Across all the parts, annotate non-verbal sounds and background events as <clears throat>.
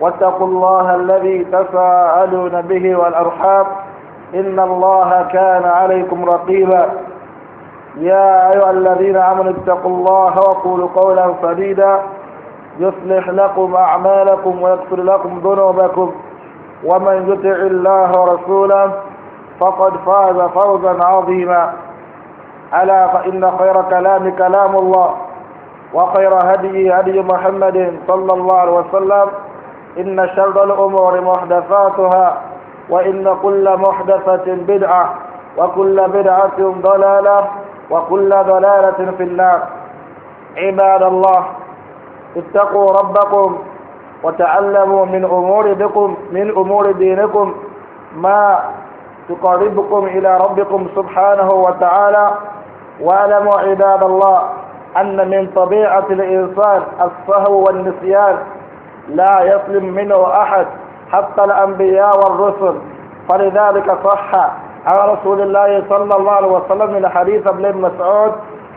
واتقوا الله الذي تساءلون به والأرحام إن الله كان عليكم رقيبا يا أيها الذين آمنوا اتقوا الله وقولوا قولا سديدا يصلح لكم أعمالكم ويغفر لكم ذنوبكم ومن يطع الله ورسوله فقد فاز فوزا عظيما ألا فإن خير كلام كلام الله وخير هدي هدي محمد صلى الله عليه وسلم إن شر الأمور محدثاتها وإن كل محدثة بدعة وكل بدعة ضلالة وكل ضلالة في النار عباد الله اتقوا ربكم وتعلموا من أمور بكم من أمور دينكم ما تقربكم إلى ربكم سبحانه وتعالى واعلموا عباد الله أن من طبيعة الإنسان السهو والنسيان لا يسلم منه أحد حتى الأنبياء والرسل فلذلك صح عن رسول الله صلى الله عليه وسلم من حديث ابن مسعود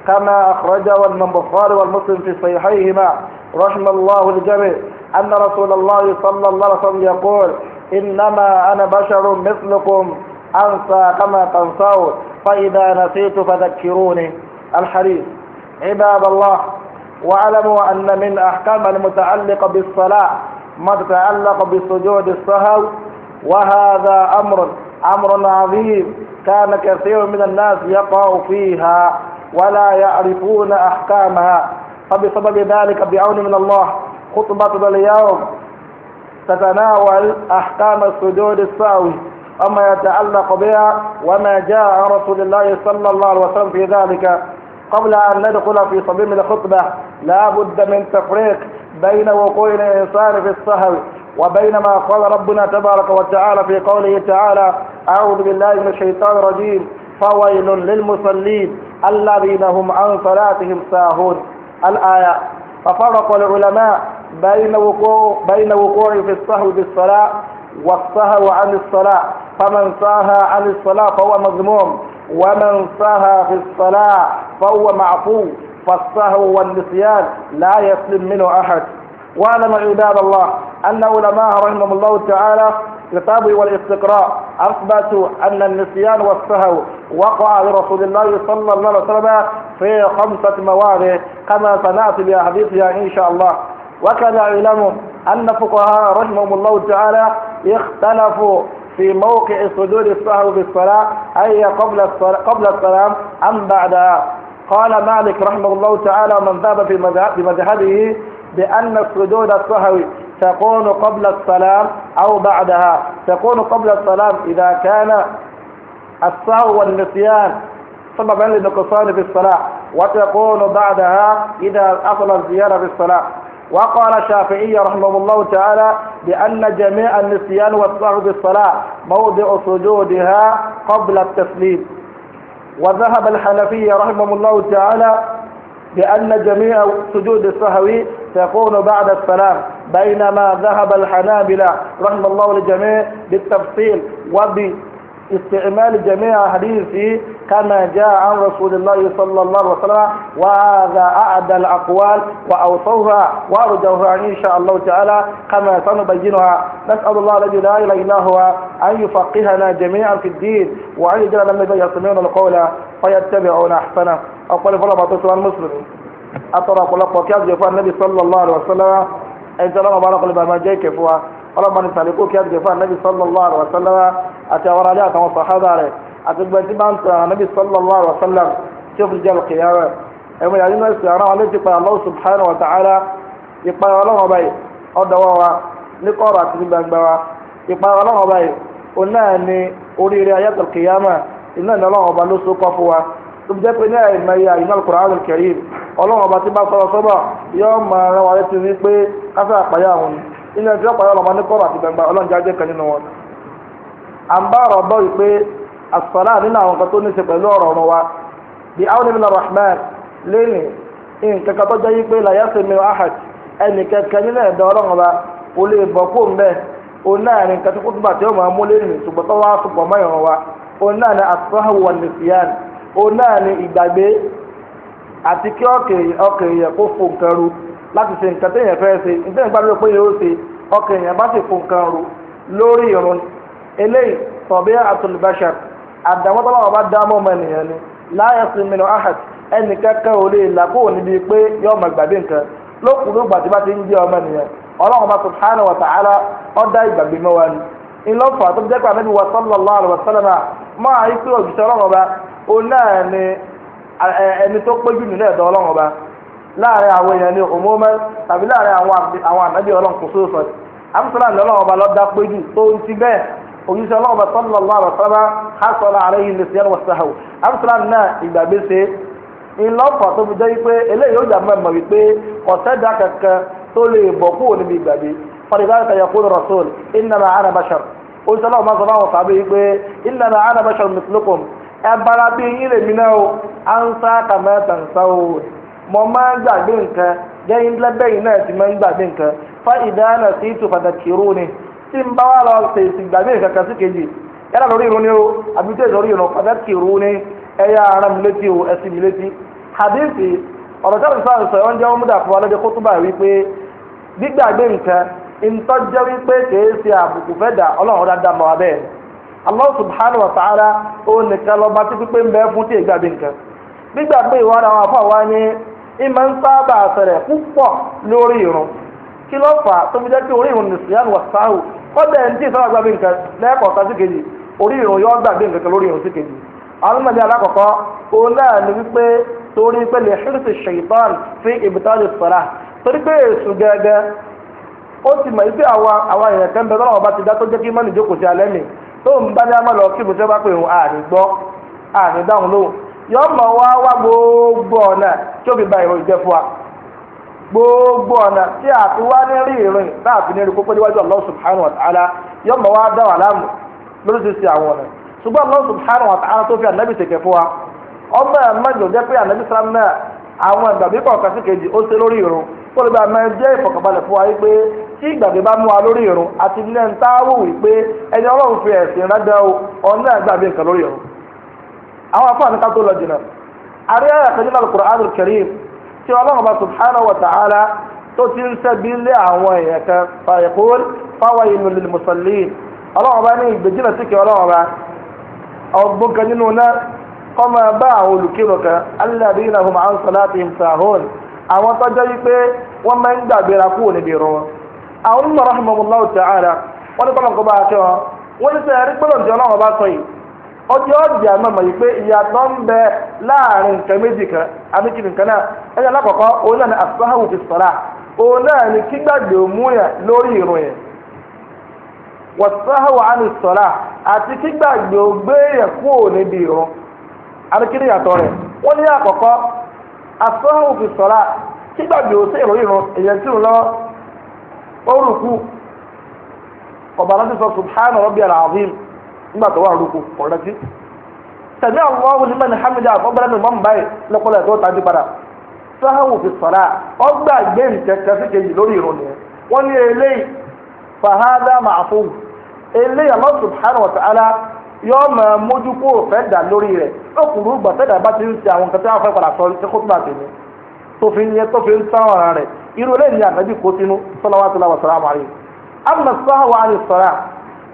كما أخرجه البخاري والمسلم في صحيحيهما رحم الله الجميع أن رسول الله صلى الله عليه وسلم يقول إنما أنا بشر مثلكم أنسى كما تنسون فإذا نسيت فذكروني الحديث عباد الله واعلموا أن من أحكام المتعلقة بالصلاة ما تتعلق بسجود السهو وهذا أمر أمر عظيم كان كثير من الناس يقع فيها ولا يعرفون أحكامها فبسبب ذلك بعون من الله خطبتنا اليوم تتناول أحكام السجود السهوي وما يتعلق بها وما جاء رسول الله صلى الله عليه وسلم في ذلك قبل أن ندخل في صميم الخطبة لا بد من تفريق بين وقوع الإنسان في السهو وبين ما قال ربنا تبارك وتعالى في قوله تعالى أعوذ بالله من الشيطان الرجيم فويل للمصلين الذين هم عن صلاتهم ساهون الآية ففرق العلماء بين وقوع بين وقوع في السهو بالصلاة والسهو عن الصلاة فمن ساها عن الصلاة فهو مذموم ومن سهى في الصلاة فهو معفو فالسهو والنسيان لا يسلم منه أحد واعلم عباد الله أن علماء رحمهم الله تعالى كتاب والاستقراء أثبتوا أن النسيان والسهو وقع لرسول الله صلى الله عليه وسلم في خمسة مواضع كما سنأتي بأحاديثها إن شاء الله وكان علمهم أن فقهاء رحمهم الله تعالى اختلفوا في موقع صدور السهو بالصلاة أي قبل الصلاة قبل الصلاة أم بعدها قال مالك رحمه الله تعالى ومن ذهب بمذهبه بأن صدور السهوي تكون قبل الصلاة أو بعدها تكون قبل الصلاة إذا كان السهو والنسيان سببا لنقصان في الصلاة وتكون بعدها إذا أصل الزيارة في الصلاة وقال الشافعي رحمه الله تعالى بأن جميع النسيان والسهو بالصلاة موضع سجودها قبل التسليم وذهب الحنفي رحمه الله تعالى بأن جميع سجود السهو تكون بعد السلام بينما ذهب الحنابلة رحمه الله الجميع بالتفصيل وب استعمال جميع حديثه كما جاء عن رسول الله صلى الله عليه وسلم وهذا أعدى الأقوال وأوصوها وأرجوها إن شاء الله تعالى كما سنبينها نسأل الله الذي لا إله إلا هو أن يفقهنا جميعا في الدين وأن يجعلنا الذين يسمعون القول فيتبعون أحسنه أقول فلا بطيس مسلم أترى قلق وكاد النبي صلى الله عليه وسلم أنت لما bá lọ́kọ́ lè bàbá ọlọ́mọdé sàlékò kí adìgbẹ́ fún anabi sallallahu alaihi wa sallam àti àwọn aráàlú àtàwọn sàhábà rẹ̀ àti gbẹ̀ntì bá ń tẹ anabi sallallahu alaihi wa sallam tí ó fi jẹ́ lọ́kìyàwó ẹ̀mọ yàrá iná ìsìn ara wọn létí pa Allah subhanahu wa ta'ala ìpayà ọlọ́run ọba yìí ọ̀dọ̀wọ́ wa ní kọ́ọ̀rọ̀ àti ní gbangba wa ìpayà ọlọ́run ọba yìí òun náà ni oríire ayatul qiyama iná ọlọ́run ọba tí bá sọ̀rọ̀ sọ́bọ̀ yóò máa rán wa létí wípé káfíà àpáyà òun ni nínú ẹjọ́ pàyọ́ ọlọ́mọ ní kọ́rọ̀ àti gbangba ọlọ́njẹ́ ajẹ́ kan nínú wọn. à ń bá ọ̀rọ̀ bọ́ yìí pé àsọ̀rọ̀ nínú àwọn kan tó ní ṣe pẹ̀lú ọ̀rọ̀ wa bí àwọn onímọ̀ rahman lẹ́nu nǹkan kan tó jẹ́ yí pé làyà mi ahad ẹnì nínú ẹ̀dọ́ ọlọ́run wa o lè bọ̀ kó ń bẹ́ o náà ní nǹkan tó kó túbà tí ó máa mú lẹ́nu ṣùgbọ́n tó wá mọ́ wa o náà ní o ru láti ṣe nǹkan téèyàn fẹ́ ṣe nítorí gbàgbé pé yóò ṣe ọkàn èèyàn bá sì kó nǹkan ru lórí irun eléyìí tọ̀bí àtúnbẹ̀ṣẹ̀ àdàmọ́ tọ́lọ́wọ́ bá dá mọ́ ọmọ ènìyàn ni láyà sí mi ahad ẹnì kankan ò lè là kó níbi pé yọ ọmọ ìgbàgbé nǹkan lókùnrin gbàtí bá ti ń jẹ́ ọmọ ènìyàn ọlọ́run bá ìgbàgbé mọ́ wa ni ìlọ́fà tó jẹ́ láàrin àwọn èèyàn ní òmùmẹ́ tàbí láàrin àwọn ànábì ọlọ́run kò sóòsọ ni amúsùlùmí ọlọ́run ọba lọ́dá péjú tó ń ti bẹ́ẹ̀ òjíṣẹ́ ọlọ́run ọba sọ́nà lọ́wọ́ àrọ̀ sábà hásọ̀lá àárẹ̀ yìí lè ṣiyàn wọ̀sáhàwò amúsùlùmí náà ìgbàgbé ṣe ńlọ́pọ̀ tó fi jẹ́ wípé eléyìí ó jà mọ́ wípé ọ̀sẹ́dá kankan tó lè bọ̀ kúrò níbi ìgbàgbé fọdùkárìkà yẹ kúrò rọ̀sọ́ọ̀l ìnana ànàbàṣọ̀r òjíṣẹ́ mo máa ń gbàgbé nǹkan jẹ́yìn lẹ́bẹ̀yìn náà ti máa ń gbàgbé nǹkan fa ìdáná sí ìtò pàtàkì rú ni tí n bá wà lọ tèsì gbàgbé nǹkan kan sí kejì yálà lórí irun ni o àbí tèsì lórí irun pàtàkì rú ni ẹ yá ara mi létí o ẹ sì mi létí hadithi ọ̀rọ̀ tí a ti sọ ọ́n jẹ́ ọmọdé àfọwọ́ lọ́jọ́ kó túbà wípé gbígbàgbé nǹkan ìtọ́jẹ́ wípé kìí ṣe àbùkù fẹ́ dà ọlọ́run dáadáa mọ́ abẹ́ Allah subhanahu wa ta'ala ó nìkan lọ́ba tí pípé ń bẹ fún tí ègbàgbé nǹkan gbígbàgbé ìwà ara wọn àfọwọ́ wá ní ìmọ̀ ń sábà ṣẹlẹ̀ púpọ̀ lórí irun kí ló fà á tó fi jẹ́ pé orí irun nìsíyàn wà sáhù kọ́dà ẹ̀ ń tí ìsára gbàgbé nǹkan lẹ́ẹ̀kọ̀ọ̀kan sí kejì orí irun yóò gbàgbé nǹkan lórí irun sí kejì àwọn mọ̀mọ́ alákọ̀ọ́kọ́ òun náà ni wípé torí pé lè ṣírísì fi ìbítọ́jú sọ̀rà torí pé èṣù gẹ́gẹ́ ó ti mọ̀ wípé àwọn àwọn èèyàn yọ wá wá gbogbo ọ̀nà tí ó fi ba ìròyìn fún wa gbogbo ọ̀nà tí a fi wá ní rí ìrìn náà fi ní rí kókó níwájú wa yọ wá láàmú lóríṣiríṣi àwọn ọ̀nà ṣùgbọ́n tó fi ànábì tẹ̀kẹ̀ fún wa ọmọ ẹ̀ mẹ́jọ jẹ́ pé ànábì náà àwọn ìgbàgbé kọ̀ọ̀kan sí kejì ó ṣe lórí ìrun bá máa jẹ́ ìfọ̀kànbalẹ̀ fún wa tí ìgbàgbé bá mú wa lórí ìrun àti àwọn afọ àníkà tó lọ jìnnà àríyá àkànjẹ́ náà Al-Qur'an Al-Karim tí ọlọ́run bá subhanahu wa ta'ala tó ti ń sẹ́bi lé àwọn èèyàn kan fàyẹ̀kúl fawailul lil musallin ọlọ́run bá ní ìgbèjìnà síkè ọlọ́run bá ọgbọ́n kan nínú náà kọ́ máa bá àwọn olùkírò kan alladhina hum an salatihim sahun àwọn tọ́jọ́ yí pé wọ́n máa ń gbàgbéra kúrò níbi ìrọ̀ àwọn onímọ̀ rahimahullahu ta'ala wọ́n ní kọ́lọ̀ kọ́ wọ́n ní sẹ́yìn ọjọ́ ọ̀dì àmọ́ mọ̀ yìí pé ìyàtọ̀ ń bẹ láàrin nǹkan méjì kan amíkiri nǹkan náà ẹni alákọ̀ọ́kọ́ òun náà ni na fi sọ̀rà òun náà ni kígbàgbé òmúyàn lórí ìròyìn wọ̀sáhùn àni sọ̀rà àti kígbàgbé ògbéyàn kúrò níbi ìrún amíkiri yàtọ̀ rẹ̀ wọ́n ní àkọ́kọ́ asáhùn fi sọ̀rà kígbàgbé òsè ìròyìn ìrún tí ò ọ̀bàlá ti sọ nígbà tó wà rúkú ọ̀rẹ́ sí. tẹ̀mí àwọn ọ̀hún ní mẹ́rin hamid àkọ́bẹ̀rẹ̀ mi mọ́mú báyìí lọ́kọ́lẹ̀ tó tajú padà. sáhàwù fi sọ̀rọ̀ ọgbà gbé nkẹ́kẹ́ sí kejì lórí ìrùn ni wọ́n ní eléyìí fàhádà màfún eléyìí Allah subhanahu wa ta'ala yóò máa mójú kó fẹ́ dà lórí rẹ̀ lókùnrin gbà fẹ́ dà bá ti ń ṣe àwọn nǹkan tí fẹ́ padà sọ ní kótópà tèmi tó fi ń yẹ tó fi ń sán ọ̀ràn rẹ̀ irú eléyìí ni àtàbí kó sínú salawatullahi wa salamu alayhi. amma sáhàwù àni sọ̀rọ̀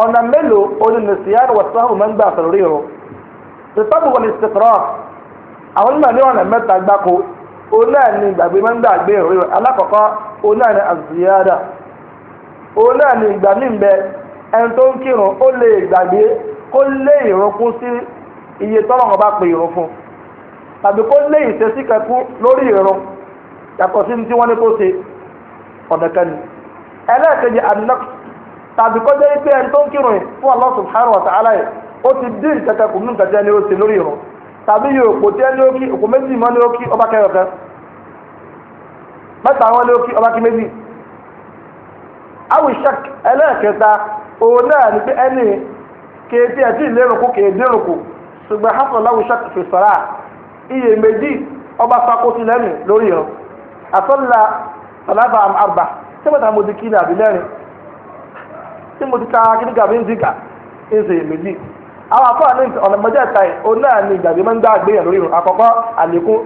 ọ̀nà mélòó olùnìsíyàn wọ̀sáhùn máa ń gbà sọ̀rọ̀ ríro ìtọ́bù wọn ìsìkìrọ̀ àwọn onímọ̀ ní ọ̀nà mẹ́ta gbáko òun ni gbagbe máa ń gbà gbé ríro alákọ̀ọ́kọ́ ni àzìyáàdà òun ni ìgbà mí bẹ ẹni tó ń kírun iye tọ́lọ̀ ọba pè ìrun fún tàbí kó lé ìṣesí kẹkún lórí ìrun yàtọ̀ sí ní tí wọ́n kan ni ẹlẹ́ẹ̀kejì tàbí kọjá yìí ẹni tó ń kírun yìí fún Allah subhanahu wa ta'ala ó ti dín kẹkẹ kùnú ó ti lórí irun tàbí yìí òpó tí ẹni ó kí òpó méjì mọ́ ni ó kí ọba mẹ́ta wọn ni ó kí ọba kí méjì ẹlẹ́ẹ̀kẹta òun náà ni pé ẹni ìlérùkù ṣùgbọ́n hasan iye méjì ọba lẹ́nu tí mo ti ka eze gàbí ń afọ ni gàbí máa ya dá àgbéyàn lórí irun àkọ́kọ́ àlékún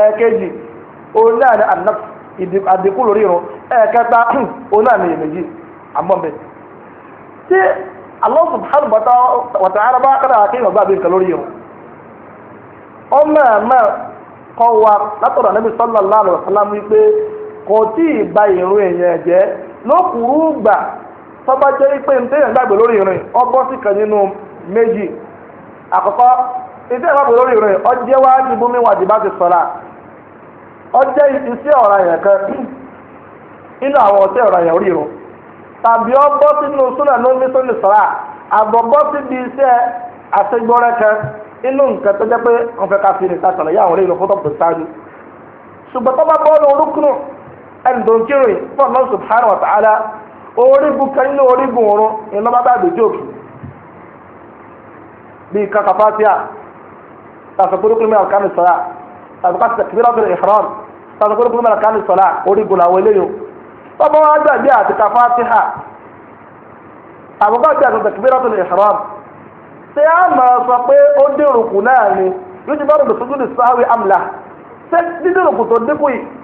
ẹ̀ẹ́kejì òun náà ni àdínkù lórí irun na <clears throat> òun náà ni èméjì àmọ́bẹ̀ tí Allah subhanahu wa ta'ala bá kára kéèyàn bá bí nǹkan irun ó máa máa wa látọ̀dọ̀ Ànábì sallallahu alaihi kò tí ì ba tọba jẹ́ ipe ní téèyàn gbàgbé lórí ìrìn si sí kan nínú méjì àkọ́kọ́ ní téèyàn gbàgbé lórí ìrìn ọjẹ́ wá ní bómi wà dìbà ti sọ̀ra ọjẹ́ iṣẹ́ ọ̀ra yẹn kan nínú àwọn ọ̀sẹ̀ ọ̀ra yẹn orí ìrìn tàbí ọbọ̀ sínú súnà ló ń bí sóni sọ̀ra àbọ̀bọ̀ kan inú nǹkan tó pé ká fi ní yá àwọn orígun kan nínú orígun ọ̀run ìlú bá bá gbèjì òkè bíi kankan fatia tàṣàkúrú kúrúmí alkanu sọlá tàṣàkúrú kúrúmí alkanu ihram tàṣàkúrú kúrúmí alkanu sọlá orígun làwọn eléyìí bàbá wọn gbàgbé àti kan fatia àbúkọ àti àtúntò kúrúmí alkanu ihram ṣé a máa sọ pé ó dé òrùkù náà ni yóò ti bá rògbòsójú ní sáwé amla ṣé dídé òrùkù tó dínkù yìí.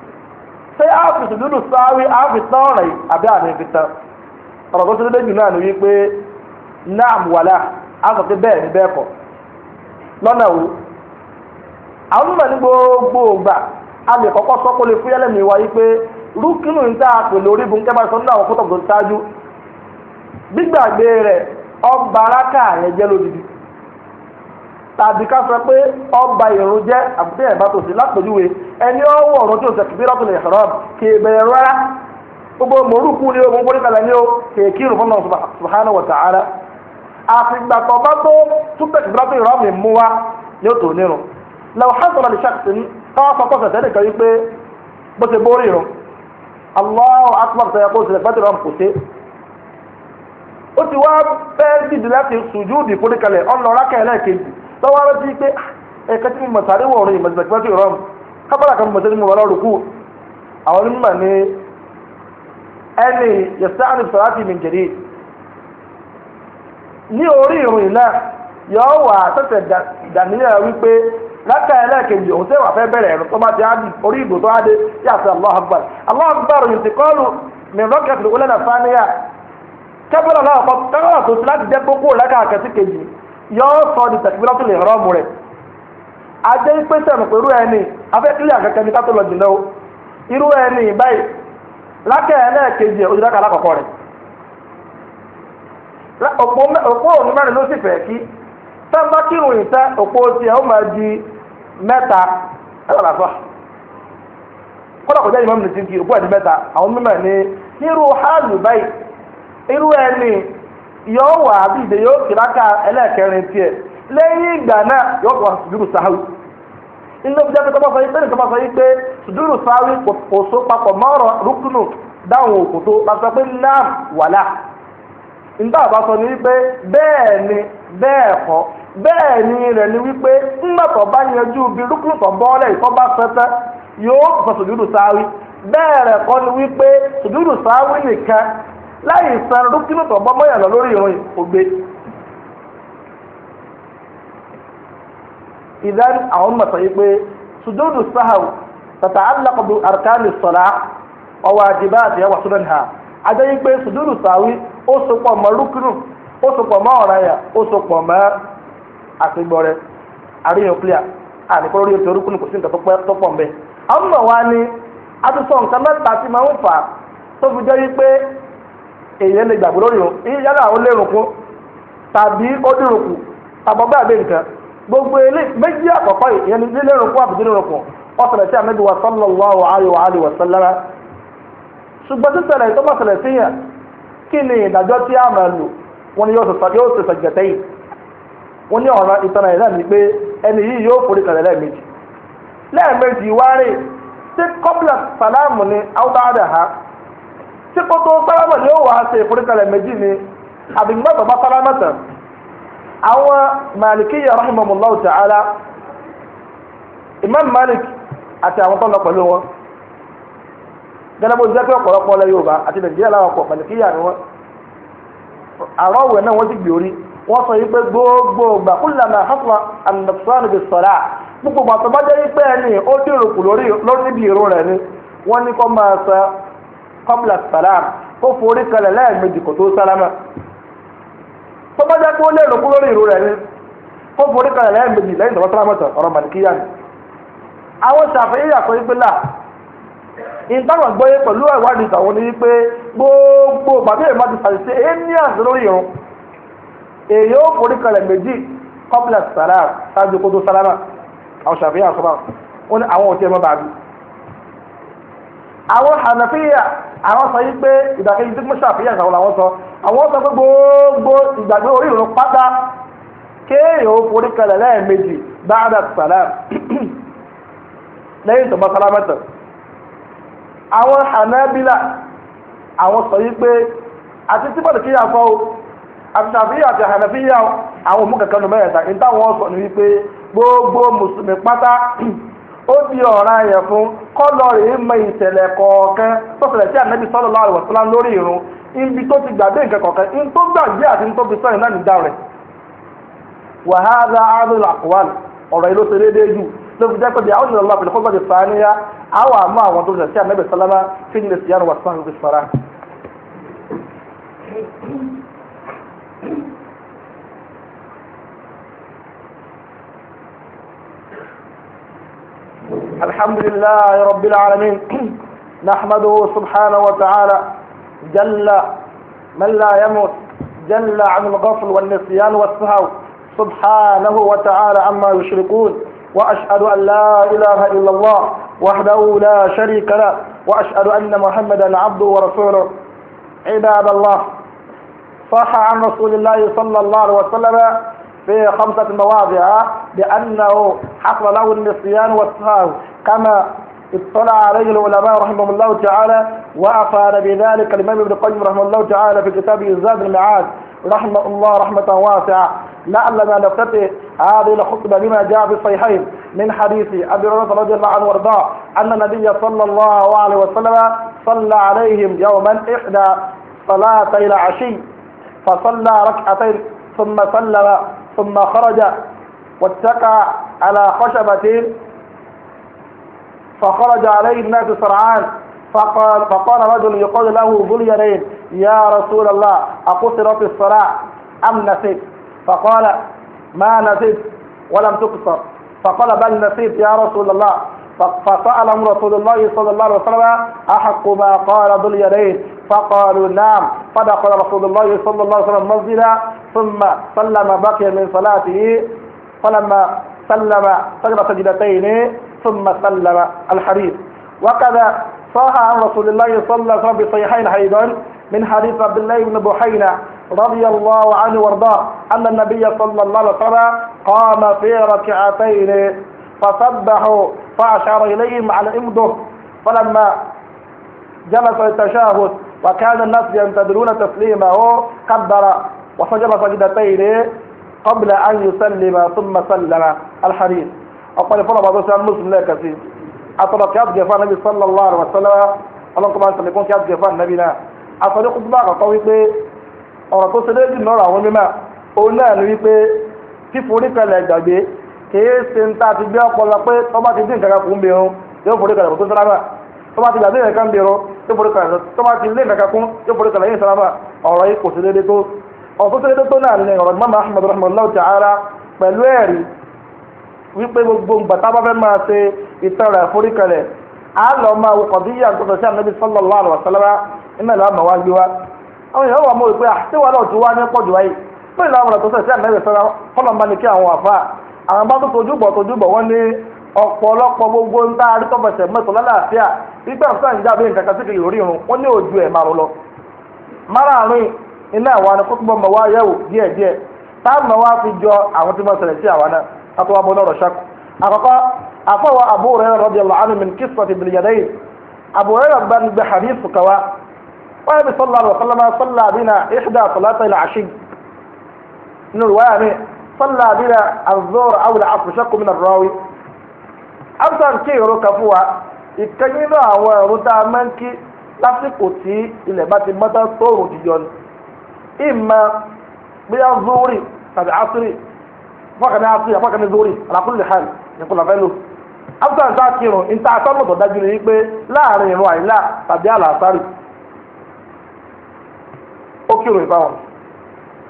ṣé áàfìsì lúlù sáré áàfìsì tán ọ̀rẹ́ àbí àmì fi ọ̀rọ̀ tó ṣe lẹ́yìn náà ni wípé naam wàlà á sọ bẹ́ẹ̀ ni bẹ́ẹ̀ lọ́nà wo àwọn mímọ̀ ní gbogbo ògbà a lè kọ́kọ́ sọ pé fúyẹ́ lẹ́mìí wa wípé rúkìnnù ń tà pè lórí bu nkẹ́ bá sọ nínú àwọn tó ṣáájú gbígbàgbé rẹ̀ yẹn jẹ́ lódìdí tàbí ká sọ pé ọba ìrún jẹ́ àbúté ẹ̀ bá tò sí lápòjúwe ẹni ọwọ́ ọ̀rọ̀ tí o sẹ̀kì bírọ̀ tó lè xọ̀rọ̀ kì í bẹ̀rẹ̀ rárá gbogbo mòrúkú ni o mòrúkú kalẹ̀ ni o kì í kírun fún náà subhanahu wa ta'ala àfìgbà tó bá tó tún sẹ̀kì bírọ̀ tó mú wa ni ó tò nínú làwọn hasọ̀rọ̀ lè ṣàkóso ní ti wá fẹ́ẹ́ dìde láti sùjúdì foríkalẹ̀ ọlọ́ọ̀rákẹ́ ẹlẹ́ẹ̀kejì lọ́wọ́ ara ti pé ah, ẹ̀ka tí mo sáré wọ̀ ọ̀run yìí mọ̀tẹ́tẹ́ pẹ́ẹ́tì rọ́m kábàrà kan mọ̀tẹ́tẹ́ mo wà lọ́rùn Ni àwọn onímọ̀ ní ẹni yẹsẹ́ àni sọ̀rọ̀tì mi jẹ̀dí ní orí ìrùn yìí náà yọ wà tẹ̀sẹ̀ dàníyàn wípé lákà ẹlẹ́ẹ̀kejì òun tẹ́wà fẹ́ bẹ̀rẹ̀ ẹ̀rọ tó bá ti ádì orí ìgò tó ádé yàtọ̀ Allahu Akbar Allahu Akbar yìí ti kọ́ọ̀lù mìíràn kẹfìlì ó lẹ́nà sáníyà kẹ́bọ́lá náà kọ́ kẹ́bọ́lá tó ti láti jẹ́ kókó yọọ sọ di tẹ̀kíbílátò lè rọ́ ọmọ rẹ̀ ajẹ́ ìpèsè ẹ̀mọ̀ pẹ̀lú ẹni afẹ́kílẹ̀ àkẹ́kẹ́ ní kátó lọ jìnnà o irú ẹni báyìí lákẹ́ ẹlẹ́ẹ̀kejì ojúdáka alákọ̀ọ́kọ́ rẹ̀ òpó òní mẹ́rin ló sì fẹ́ kí sẹ́ńbà kírun ìtẹ́ òpó ó máa di ìmọ̀ mi ti ń òpó di àwọn mímọ̀ ní irú báyìí irú ẹni yóò wà àbí ìdè yóò kí rákà ẹlẹ́ẹ̀kẹrin tiẹ̀ lẹ́yìn ìgbà náà yóò wà sùdúrù sáwì inú bí sọ yìí pé nìkan sọ yìí pé sùdúrù sáwì kò so papọ̀ mọ́rọ̀ rúkúnù dáhùn òkòtó sọ pé nam wàlà nígbà bá sọ ni wípé bẹ́ẹ̀ ni bẹ́ẹ̀ kọ́ bẹ́ẹ̀ ni rẹ̀ ni wípé ńgbàtọ̀ bá yanjú bí rúkúnù bọ́ọ̀lẹ̀ bá yóò sọ sùdúrù sáwì bẹ́ẹ̀ rẹ̀ kọ́ ni wípé sùdúrù láyé san rúkínù tó bọ́ mọ́yà lọ lórí ìdán àwọn mọ̀ yìí pé sùdúdù sáhàw tàtà alákọ̀dù àrkáàlì sọ̀lá ọwọ́ àdìbá àti ẹwà ajá yìí pé sùdúdù ó mọ́ ó mọ́ ó mọ́ àtìgbọ́rẹ́ àríyàn clear lórí ètò kò sí nǹkan tó èèyàn lè gbàgbọ́ lórí òun yálà ó lérun kún tàbí ó dìrùn kù àbẹ́ nǹkan gbogbo ilé méjì àkọ́kọ́ ìyẹn ní lè kún àbùdí lérun ọ̀sẹ̀lẹ̀ sí àmì wa sallallahu alaihi wa alihi wa sallam ṣùgbọ́n tí ṣẹlẹ̀ tó bá sí yẹn kí ni ìdájọ́ tí a máa lò wọn ni yóò sàgẹ̀tẹ̀ yìí wọn pé ẹni yìí yóò forí kalẹ̀ tí kò tó sálámà ni ó wà á ṣe ìforíkalẹ̀ méjì ni àbígbàgbà bá sálámà tán àwọn ta'ala imam malik àti àwọn na ń lọ pẹ̀lú wọn gẹ́gẹ́ bó jẹ́ ni ti gbòórí wọ́n sọ yìí pé gbogbo ògbà kúlànà hasan bi gbogbo àtọ́bájẹ́ yìí pé ẹni ni kọ́bùlà salam, kó forí kalẹ̀ lẹ́ẹ̀mejì kó tó sálámà tó bá jẹ́ kó lé lóko lórí ìró rẹ̀ ni kó forí kalẹ̀ lẹ́ẹ̀mejì lẹ́yìn tó bá sálámà tán ọ̀rọ̀ màlìkíyà ni. àwọn ṣàfihàn yàtọ̀ yìí pé là ìtàwọn gbọ́ yé pẹ̀lú ìwádìí ìtàwọn ni wípé gbogbo bàbá èèmọ̀ ti sàlìsẹ́ ẹni àti lórí ìrún èyí ó forí kalẹ̀ méjì kọ́bùlà sàlám ṣáájú kó tó sálámà àwọn ṣàfihàn sọ́mà wọn ni àwọn ò àwọn sọ yí pé ìdàkejì tí mọ́ṣà fi yàtọ̀ làwọn sọ àwọn sọ pé gbogbo ìgbàgbé orí ìrún pátá kéèyàn ó forí kalẹ̀ lẹ́ẹ̀mejì dáadáa sàlám <clears throat> lẹ́yìn tó bá sálámẹ́tà àwọn hànábílà àwọn sọ yí pé àti tí bọ́ọ̀lù kíyà fọ́ o àti sàfíyà àti hànáfíyà àwọn òmùkẹ́kẹ́ nù mẹ́rẹ̀ẹ́ta ìtàwọn sọ ni wípé gbogbo mùsùlùmí pátá <clears throat> obi di ọ̀ràn yẹn fún kọ́lọ̀ ime mọ ìṣẹ̀lẹ̀ kọ̀ọ̀kan tó ṣẹlẹ̀ sí ànábì sallallahu alaihi wasallam lórí irun ibi tó ti gbàgbé nǹkan kọ̀ọ̀kan in tó gbàgbé àti in tó fi sọ́yìn náà nìdá rẹ̀ wa hadha adul ọ̀rọ̀ yìí ṣe déédéé jù ló fi jẹ́ pé bí àwọn ìlọ́lá fìlẹ̀ kọ́gbọ́n ti fà á níyà àwọn àmọ́ àwọn الحمد لله رب العالمين <clears throat> نحمده سبحانه وتعالى جل من لا يموت جل عن الغفل والنسيان والسهو سبحانه وتعالى عما يشركون وأشهد أن لا إله إلا الله وحده لا شريك له وأشهد أن محمدا عبده ورسوله عباد الله صح عن رسول الله صلى الله عليه وسلم في خمسة مواضع بأنه حصل له النسيان والسهو كما اطلع عليه العلماء رحمهم الله تعالى وأفاد بذلك الإمام ابن القيم رحمه الله تعالى في كتابه زاد المعاد رحمه الله رحمة واسعة لعلنا نفتتح هذه الخطبة بما جاء في الصحيحين من حديث أبي هريرة رضي الله عنه وارضاه أن النبي صلى الله عليه وسلم صلى عليهم يوما إحدى صلاتي العشي فصلى ركعتين ثم سلم ثم خرج واتكى على خشبة فخرج عليه الناس سرعان فقال, فقال رجل يقول له بليرين يا رسول الله أقصرت الصلاة أم نسيت فقال ما نسيت ولم تقصر فقال بل نسيت يا رسول الله فسألهم رسول الله صلى الله عليه وسلم أحق ما قال ذو اليدين فقالوا نعم فدخل رسول الله صلى الله عليه وسلم المسجد ثم سلم بقي من صلاته فلما سلم سجد سجدتين ثم سلم الحديث وكذا صح عن رسول الله صلى الله عليه وسلم بصيحين أيضا من حديث عبد الله بن بحينة رضي الله عنه وارضاه أن النبي صلى الله عليه وسلم قام في ركعتين فسبحوا فأشار إليهم على إمضه فلما جلس للتشهد وكان الناس ينتظرون تسليمه كبر وسجد سجدتين قبل أن يسلم ثم سلم الحديث أقول فلما بعض الشيء المسلم لا كثير أطلق يد النبي صلى الله عليه وسلم ọlọ́run tó bá ń sọ̀rọ̀ ìpọ́nkí àti ìfà nàbí náà àtọ́jú kó tó bá àkọ́kọ́ wípé ọ̀rọ̀ tó ṣe déédéé lọ́rọ̀ àwọn kìí ṣe ń ta ti gbé ọpọlọ pé tó bá ti dín kankan kún bí irun yóò forí kalẹ̀ kó tó sálámà tó bá ti gbàgbé kankan bí irun yóò forí kalẹ̀ tó bá ti lé kankan kún yóò forí kalẹ̀ yóò sálámà ọ̀rọ̀ yìí kò sí déédéé tó ọ̀rọ̀ sí déédéé tó náà ni ọ̀rọ̀ Imam Ahmad rahimahullahu ta'ala pẹ̀lú ẹ̀rí wípé gbogbo gbàtà bá fẹ́ máa ṣe ìtàn forí kalẹ̀ á lọ máa wọ kọ̀díyà tó sọ̀tí ànábi sallallahu alaihi wasallam iná ìlú àmọ̀ wá gbé wa àwọn èèyàn wà mọ́ ìpè àti ah, wàhálà òtún wá ní pọ̀jù wáyé bẹ́ẹ̀ ni àwọn ọ̀rọ̀ tó sọ̀tí ànábi sọ̀rọ̀ fọlọ́mbà àwọn bá tó tojúbọ̀ tojúbọ̀ wọ́n ní ọ̀pọ̀lọpọ̀ gbogbo ń tá a rí tọ́fẹsẹ̀ mẹ́sàn lálàáfíà gbígbà fún àyíká bí nǹkan kan sí kiri lórí irun wọ́n ní ojú ẹ̀ márùn lọ. márààrún iná àwa ni kókó mọ̀ wá yẹ̀wò díẹ̀ díẹ̀ táàmù wa fi jọ àwọn tí wọ́n ṣẹlẹ̀ sí àwa náà kátó wa bọ́ náà rọ̀ṣà àkọ́kọ́ Abu Hurairah radiyallahu anhu min qissati bil yadayn Abu Hurairah gba gbẹ hadith kawa wọ́n yẹ bi sallallahu bina ihda salata al-ashi صلى بنا الظهر أو العصر شك من الراوي أبدا كي ركفوا ìkẹyìnlá àwọn ẹ̀rọ tá a máa ń kí lásìkò tí ilẹ̀ bá ti mọ́tà tóòrùn jíjọ ni tàbí asiri fọ́kàní asiri fọ́kàní zúrì àlàkùnlé hàn nìkúlà fẹ́ lò after n ta kírun n ta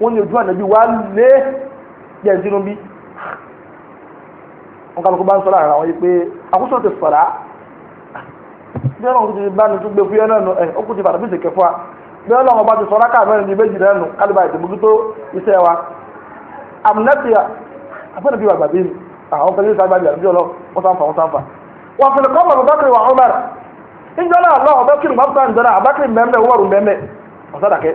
wọ́n ní ojú ànábì wá lé jẹ́ ìdínú bí wọ́n kálukú bá ń sọ láàrin àwọn yìí pé àkóso ti sọ̀rọ̀ bí ọlọ́run ti bá ní tó gbé fúyẹ́ náà nù ẹ̀ ó kú ti bàtà bí ìsèké fún wa bí ọlọ́run ọba ti sọ̀rọ̀ káà mẹ́rin ní méjì náà nù kálíbà ìdìbòkító iṣẹ́ wa amnẹ́tìyà àfẹ́nà bí wà gbàgbé mi àwọn kan ní sábà bí àdúgbò lọ wọ́n sáǹfà wọ́n sáǹfà. wọ́n fi kọ́ bàbá bákìrì wà Umar ìjọ náà lọ́wọ́ bákìrì mọ́tàn ìjọ náà àbákìrì mẹ́mẹ́ wọ́ọ̀rù mẹ́mẹ́ ọ̀sádàkẹ́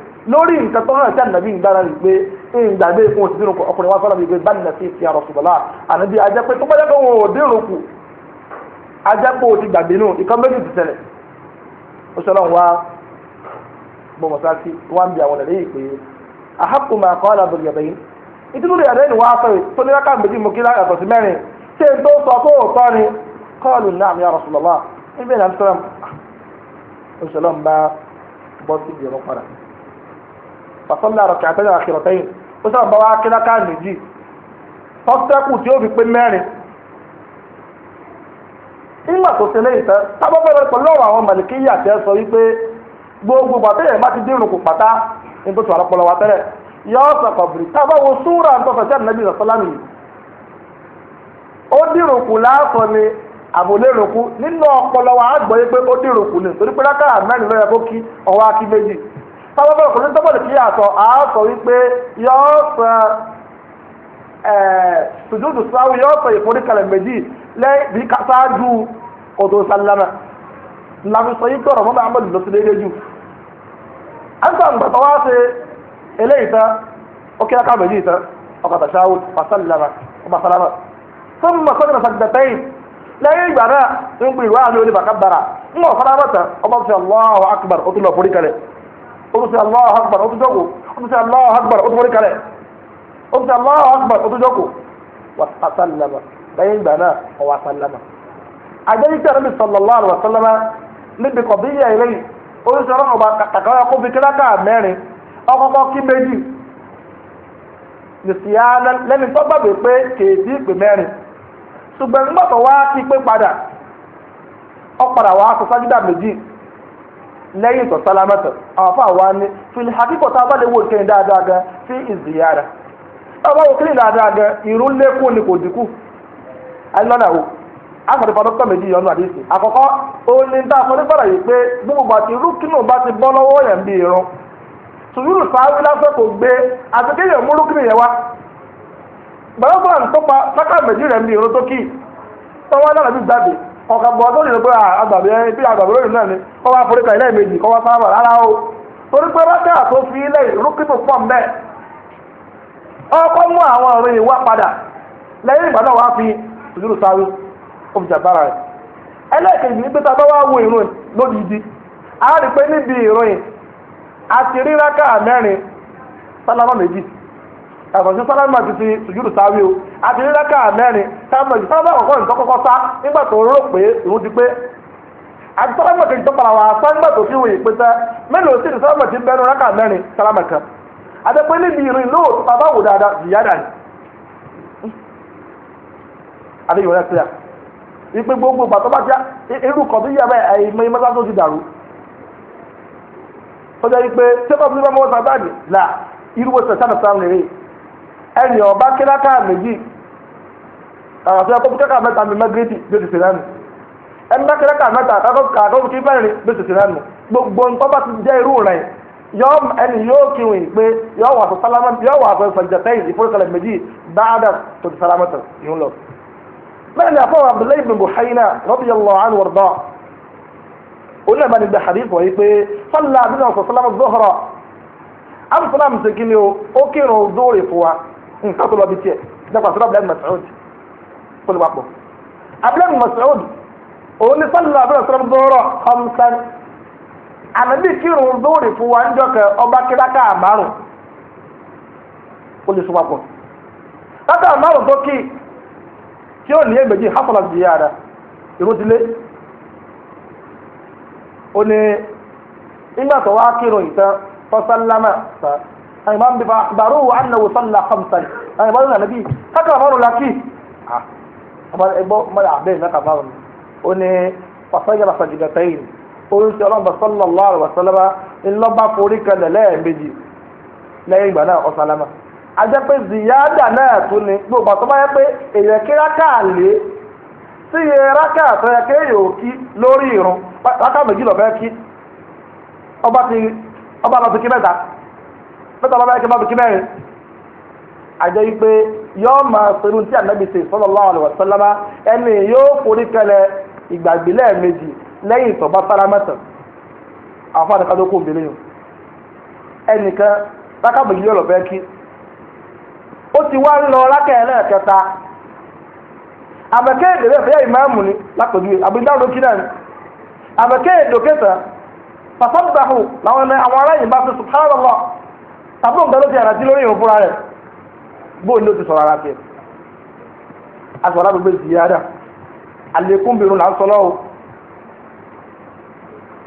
lórí nǹkan tó hàn sí ànàbí ìgbára rẹ̀ pé ìgbàgbé fún òtítí nù ọkùnrin wa sọ́nà bíi bá nà sí ti àròsùbọ̀lá ànàbí ajẹ́ tó ti gbàgbé nù ìkan méjì ti ó wa bọ̀mọ̀ sáàkì wá ń bi àwọn ẹ̀rẹ́ yìí pé àhàkù máa kọ́ àlà bẹ̀rẹ̀ bẹ̀yìn ni wàá tó ní méjì mú kí wàsánlá rọ̀kì àtẹ́lẹ̀ àkìrọ̀tẹ́yìn ó sábà bá wa kíláká méjì tọ́sítẹ́kù tí ó fi pé mẹ́rin nígbà tó ṣe léyìí tán tábọ́bẹ̀rẹ̀ pẹ̀lú ọ̀rọ̀ àwọn màlìkíyà tẹ́ sọ wípé gbogbo àtẹ̀yẹ̀ má ti dín ìrùkù pátá ní tó tó àlọ́pọ̀lọ́ wa tẹ́lẹ̀ yọ sọ̀kọ̀bìrì tábà wo súra ń tọ́fẹ̀ sẹ́ni nẹ́bí sọ̀sọ́lámì ó dín ìrùkù láàfọ̀ ni àbòlé ìrùkù nínú ọpọlọ wa á gbọ́ yé pé ó dín ìrùkù ni torí pé lákàrà mẹ́rin lọ́yẹ kó kí ọwọ́ akí méjì tọ́bọ̀bọ̀ kò ní tọ́bọ̀lù kí àtọ̀ àátọ̀ wípé yọ́ sọ sùjúdù sáwù yọ́ sọ ìforíkalẹ̀ méjì lẹ́bí ṣáájú odò sálámà láfi sọ yíkọ̀ rọ̀ mọ́bà àmọ́lù lọ́sí lédè jù an sọ àgbàtọ̀ wá ṣe eléyìí tán ó kí aká méjì tán ọkàtà sáwù pàṣálámà ọba sálámà fún mọ̀ sọ́dọ̀ sàgbẹ̀tẹ́yìn lẹ́yìn ìgbà náà ń pè wá olùbàkà bara ń wọ̀ fara mọ́ta ọba fi Allahu akbar ó tún lọ forí kalẹ̀ ọtún sí Allahu Akbar ọtún jókòó ọtún sí Allahu Akbar ọtún forí kalẹ̀ ọtún sí Allahu Akbar ọtún jókòó wà sàlámà lẹ́yìn ìgbà náà ọwà sàlámà. àjẹyí tí a nàbì sallallahu alaihi wa sallama níbi kọ̀ bí yẹ ilé yìí oríṣi ọlọ́run ọba kàkàrà kó fi kíláka mẹ́rin ọkọ̀kọ́ lẹ́yìn tó sálámẹ́tọ̀ àwọn fún àwa ni fìlì àkíkọ̀ tá a bá lè wo ìkẹyìn dáadáa gan sí ìzìyára ọba wo kílì dáadáa gan ìrún lékún ni kò dínkù alọ́nà o akọ̀dé méjì yọnu àdéhùn àkọ́kọ́ òní tá a fọdún fọdún yìí pé gbogbo àti rúkìnù bá ti bọ́ irun sùúrù kò gbé àti kéèyàn yẹn wá gbọ́dọ̀ pa sákà méjì rẹ̀ bí irun ọ̀kan bọ̀ tó lè pé àgbàgbé ah, bí àgbàgbé lónìí náà ni kọ́ forí kan ilé ìmejì sábà rárá o torí pé rákà tó fi ilé rúkìtù pọ̀ ń ọkọ̀ mú àwọn ọ̀rọ̀ yìí wá padà lẹ́yìn ìgbà náà wá fi sùdúrù sáré ó fi jàgbára rẹ̀ ẹlẹ́ẹ̀kejì ní pé tá a bá wá wo lódìdí ẹ̀fọ̀ sí ti ti sùjúdù sáwí o àti rírákà mẹ́rin sálámà ti sálámà àkọ́kọ́ ní tọ́kọ́kọ́ sá nígbà tó rò pé ìrún ti pé àti sálámà kejì tó para wà sá nígbà tó fi wòye pé ti bẹ́nu rákà mẹ́rin kan níbi ìrìn wò dáadáa ẹnì ọba kíláka méjì àwọn àti akọ́kọ́ kíláka mẹ́ta mi mẹ́gírẹ́tì bí o ti sèrè nù ẹni bá kíláka mẹ́ta akọ́kọ́ kí mẹ́rin bí o ti sèrè nù gbogbo nǹkan bá ti jẹ́ irú rẹ̀ yọọ ẹni yóò kíwìn pé yọọ wà fún sálámà yọọ wà fún ìfọ̀jẹ̀tẹ́yìn ìfọ̀jẹ̀tẹ́yìn méjì báadà tó ti sálámà tẹ̀ yín lọ. bẹ́ẹ̀ ni àfọwọ́ abdullahi bin buhayna radiyallahu anhu warda oní ẹ̀bá ni gbé hadith wọ̀nyí pé sallá abdullahi sọ̀ sálámà zuhra abdullahi sèkínni o ó kírun dóòrè fún wa nǹkan tó lọ bí tiẹ̀ nípa sọ́dọ̀ abdulayi masoud kó lè wà pọ̀ abdulayi masoud òun ní sọ́dọ̀ abdulayi sọ́dọ̀ dọ́rọ̀ khamsan ànábì kírun dóòrè fún wa ń jọkẹ́ ọba kíláka àmárùn kó lè sọ wà pọ̀ láti àmárùn tó kí tí ó ní ẹgbẹ̀jì hafalas di yára ìrúdílé ó ní nígbà tó wá kírun ìtàn fọ́sálámà sáà. imam bi baruhu annahu salla khamsan ay ba na nabi haka eh, ma laki ha ba ebo ma abe na ka ba ó ní fasajara sajidatayn ó ní sallallahu alaihi sallallahu alaihi wasallam in lo ba forí kalẹ̀ le méjì le ìgbà náà salama a jẹ́ pé ziyada náà tún ni gbogbo tó bá yẹ pé èyàn kíra káàlé sí iye rákà tó yẹ ya mẹ́tàlá báyìí kẹfà bìkí mẹ́rin àjẹ́ yìí pé yọ́ọ́ máa pẹ̀lú tí ànábì ṣe sallallahu alaihi wasallama ẹni yóò forí kẹlẹ̀ ìgbàgbé lẹ́ẹ̀mejì lẹ́yìn ìtọ̀ bá fara mẹ́tàn àwọn àti kájọ́ kó obìnrin yìí ẹnìkan lákàbòjì yóò lọ fẹ́ kí ó ti wá ń lọ lákẹ́ẹ̀lẹ́ kẹta àbẹ̀kẹ́ tàbí nǹkan ló ti àrántí lórí ìrun fúnra rẹ̀ bóun ló ti sọ̀rọ̀ ara tiẹ̀ asọ̀rọ̀ agbègbè ziyada àlékún bìrún là ń sọ lọ́wọ́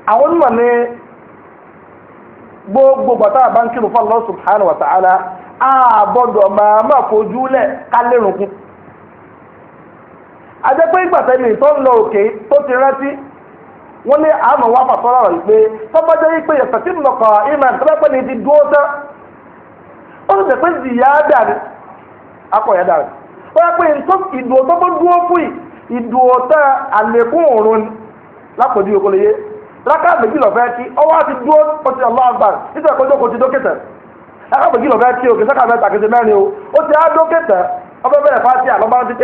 àwọn gbogbo bàtà bánkìrù fún Allah subhanahu wa ta'ala máa má fojú lẹ̀ kálẹ̀rùnkún adẹ́pẹ́ ìgbàtẹ́ni tó ń lọ òkè tó ti rántí wọ́n ní wá tí mo kọ̀ ó sì sẹ pé ziyada ni akọ yada rẹ ó yẹ pé ìdùn ọtọ tó dúró fún ìdùn ọtọ àlékún òrùn lápòjú ìkọlẹyẹ rákà méjì lọ́fẹ́ kí ọwọ́ àti dúró nítorí ti rákà méjì lọ́fẹ́ kí òkè sákà mẹ́ta o ó ti á ọbẹ̀ bẹ̀rẹ̀ fásitì àlọ́bá ah. eh, ah. ti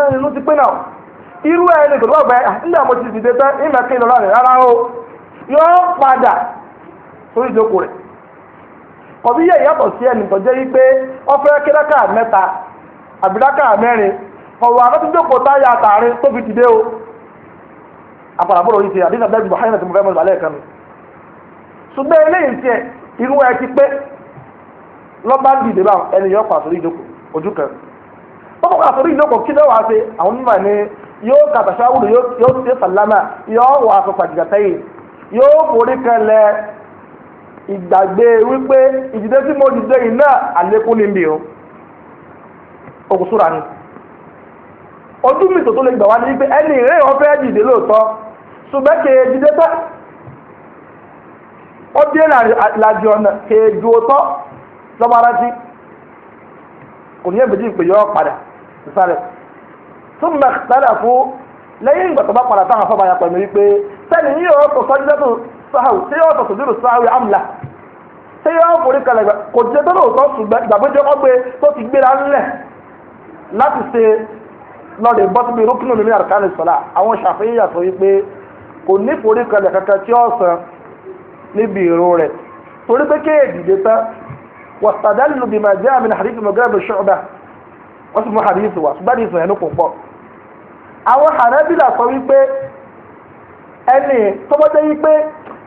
tẹ̀ ní irú ẹni kò lọ́gbà ẹ̀ ah, nígbà mo ti dìde tán ìmọ̀ kí n lọ́la rẹ̀ rárá o yóò padà sórí ìjókòó rẹ̀ kọ̀bí yẹ̀ yàtọ̀ sí ẹni tó jẹ́ wípé ọ̀fẹ́ kíláka mẹ́ta àbíláka mẹ́rin ọ̀wọ́ àlọ́tíjókòó táyà àtàrin tó fi dìde o àpàràbọ̀rọ̀ yìí ti àdínà bẹ́ẹ̀ ju bàháyìn àti mọ̀fẹ́ mọ̀lẹ́ kan nù ṣùgbọ́n yọ kan yóò ka tàṣáwùrù yóò ṣe sàlámà yóò wà àfọ̀fà jìgàtẹ́yìn yóò forí kanlẹ̀ ìgbàgbé wípé ìdílé tí mo dìde yìí náà àlékún ní mi o òkùsùrà ni ojú mi tòótọ́ lè gbà wá ní wípé ẹni ìrẹ́ ìwọ́n fẹ́ dìde lóòótọ́ ṣùgbọ́n kèé dìde tán ó dé làjì ọ̀nà ثم اختلفوا lẹ́yìn ìgbà tó bá padà táwọn afọ́bàyà pẹ̀lú wípé sẹ́ni yìí yóò tó sọ́jú tó sáhù tí yóò tó sọ́jú sáhù amla tí yóò forí kalẹ̀ kò jẹ́ tó lóòótọ́ ṣùgbọ́n ìgbàgbọ́jọ́ ọgbẹ́ tó ti gbéra ńlẹ̀ láti ṣe lọ́ọ̀dẹ̀ bọ́ síbi nínú àrùkánì sọ̀lá àwọn ṣàfihàn yàtọ̀ wípé kò ní forí kalẹ̀ kankan tí ó sàn níbi ìró rẹ̀ torí pé kéèdì dé tán wàtàdánù bìmọ̀ jẹ́ àmì àwọn hànàbílà sọ wípé ẹni tó bá jẹ́ wípé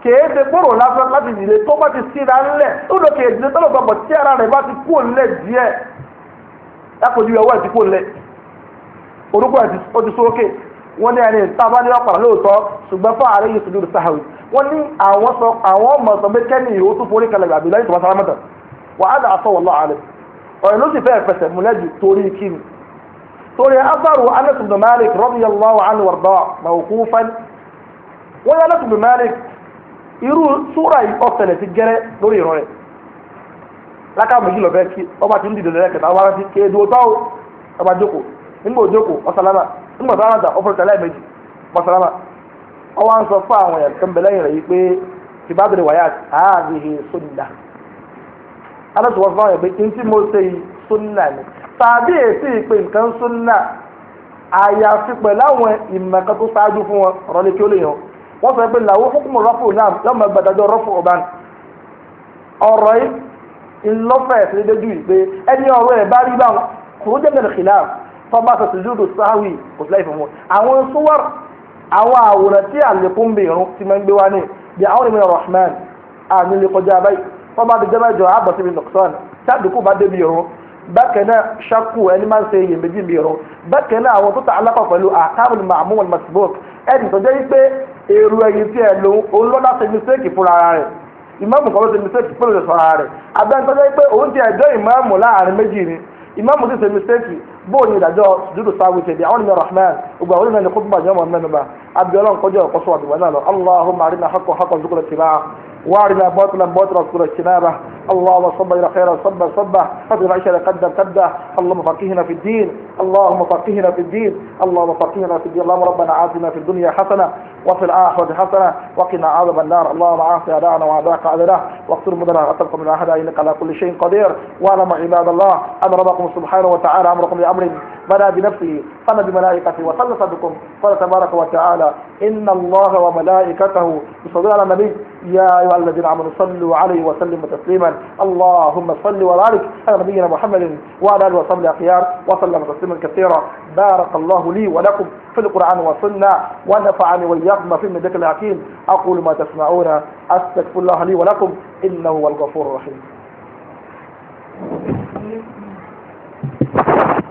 kèé ṣe gbòòrò lásán láti dìde tó bá ti síra ńlẹ̀ ó lọ kèé dìde tọ́lọ̀ gbọ̀gbọ̀ tí ara rẹ̀ bá ti kú òǹlẹ̀ díẹ̀ lápòjú ọwọ́ ẹ̀ ti kú òǹlẹ̀ orúkọ ẹ̀ ti sókè wọ́n ní ẹni ìtaba ní ọ̀pàdà lóòótọ́ ṣùgbọ́n fún ààrẹ yìí sùdúrù wọ́n ní àwọn sọ àwọn ọmọ sọ pé kẹ́ni ìhó tó forí kalẹ̀ lẹ́yìn tó bá wàhálà ọ̀rẹ́ ló sì fẹsẹ̀ torí kíni torí asaru anas ibn malik radiyallahu anhu warda mawqufan wọn yà anas ibn malik irú súra yìí ọsẹlẹ ti gẹrẹ lórí ìran rẹ lákà méjì lọ bẹ kí ọba tí ń dìde lẹlẹ kẹta ọba rántí kéèdù ọtọ ọba jókòó nígbà òjókòó ọsàlámà nígbà sàlámà tà ọfọlọtà lẹ́ẹ̀mejì ọsàlámà ọwọ à ń sọ fún àwọn èèyàn kan bẹ lẹ́yìn rẹ yìí súnà ni tàbí èsì ìpè nǹkan súnà àyàfi pẹ̀lú àwọn ìmọ̀ kan tó ṣáájú fún wọn ọ̀rọ̀ ni kí ó lè yàn wọ́n sọ pé làwọn fúnkùmù rọ́fù náà lọ́mọ gbàdájọ́ rọ́fù ọba ọ̀rọ̀ yìí ńlọ́fẹ̀ẹ́ sí dédú yìí pé ẹni ọ̀rọ̀ ẹ̀ bá rí báwọn kò jẹ́ gẹ̀rẹ́ kìláà tọ́ba sọ sùjúdù sáwì kò sí láì fún wọn àwọn sùwọ́rọ̀ àwọn àwòrán tí àlékún bìrún ti máa ń gbé wá ní bí àwọn ènìyàn Rahman àmì lè kọjá báyìí tọ́ba ti jẹ́ báyìí jọ àbọ̀ síbi nọ̀kṣọ́n tí bá débi ìrún bákan náà ṣakú ẹni máa ń ṣe iyèméjì mìíràn bákan náà àwọn tó ta alákọ̀ pẹ̀lú àkàbùn màmú wọn masibok ẹni tó jẹ́ pé èrò ẹ̀yìn tí ẹ̀ lòun òun lọ́dà ṣe mistake fúnra rẹ̀ ìmáàmù kan ló ṣe mistake fúnra rẹ̀ sọ̀rọ̀ rẹ̀ abẹ́ni tó jẹ́ pé òun ti ẹ̀jọ́ ìmáàmù láàrin méjì ni ìmáàmù ti ṣe mistake bóun ni ìdájọ́ dúdú sáwù ṣe àwọn وارنا باطلا باطلا صورة اجتنابه اللهم صب إلى خير صب صبه فضل العشاء قدم قدم اللهم فقهنا في الدين اللهم فقهنا في الدين اللهم فقهنا في الدين اللهم ربنا عافنا في الدنيا حسنة وفي الآخرة حسنة وقنا عذاب النار اللهم عاف أدعنا وأعداءك أعداءنا واقتل مدنا قتلكم من أحد إنك على كل شيء قدير واعلم عباد الله أن ربكم سبحانه وتعالى أمركم بأمر بدا بنفسه قام بملائكته وخلص بكم قال تبارك وتعالى إن الله وملائكته يصلون على النبي يا أيها الذين آمنوا صلوا عليه وسلموا تسليما اللهم صل وبارك على نبينا محمد وعلى آله وصحبه الأخيار وسلم تسليما كثيرا بارك الله لي ولكم في القرآن والسنة ونفعني وإياكم في ذكر الحكيم أقول ما تسمعون أستغفر الله لي ولكم إنه هو الغفور الرحيم